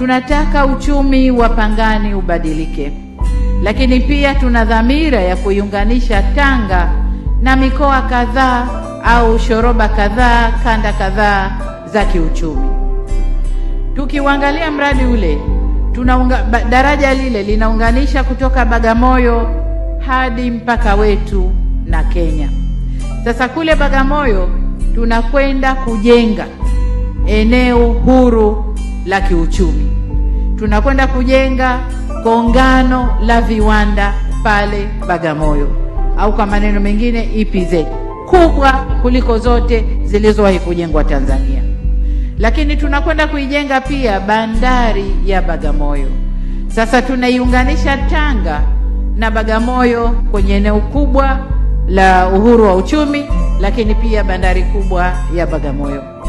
Tunataka uchumi wa Pangani ubadilike, lakini pia tuna dhamira ya kuiunganisha Tanga na mikoa kadhaa au shoroba kadhaa, kanda kadhaa za kiuchumi. Tukiuangalia mradi ule tunaunga, daraja lile linaunganisha kutoka Bagamoyo hadi mpaka wetu na Kenya. Sasa kule Bagamoyo tunakwenda kujenga eneo huru la kiuchumi. Tunakwenda kujenga kongano la viwanda pale Bagamoyo, au kwa maneno mengine EPZ kubwa kuliko zote zilizowahi kujengwa Tanzania. Lakini tunakwenda kuijenga pia bandari ya Bagamoyo. Sasa tunaiunganisha Tanga na Bagamoyo kwenye eneo kubwa la uhuru wa uchumi, lakini pia bandari kubwa ya Bagamoyo.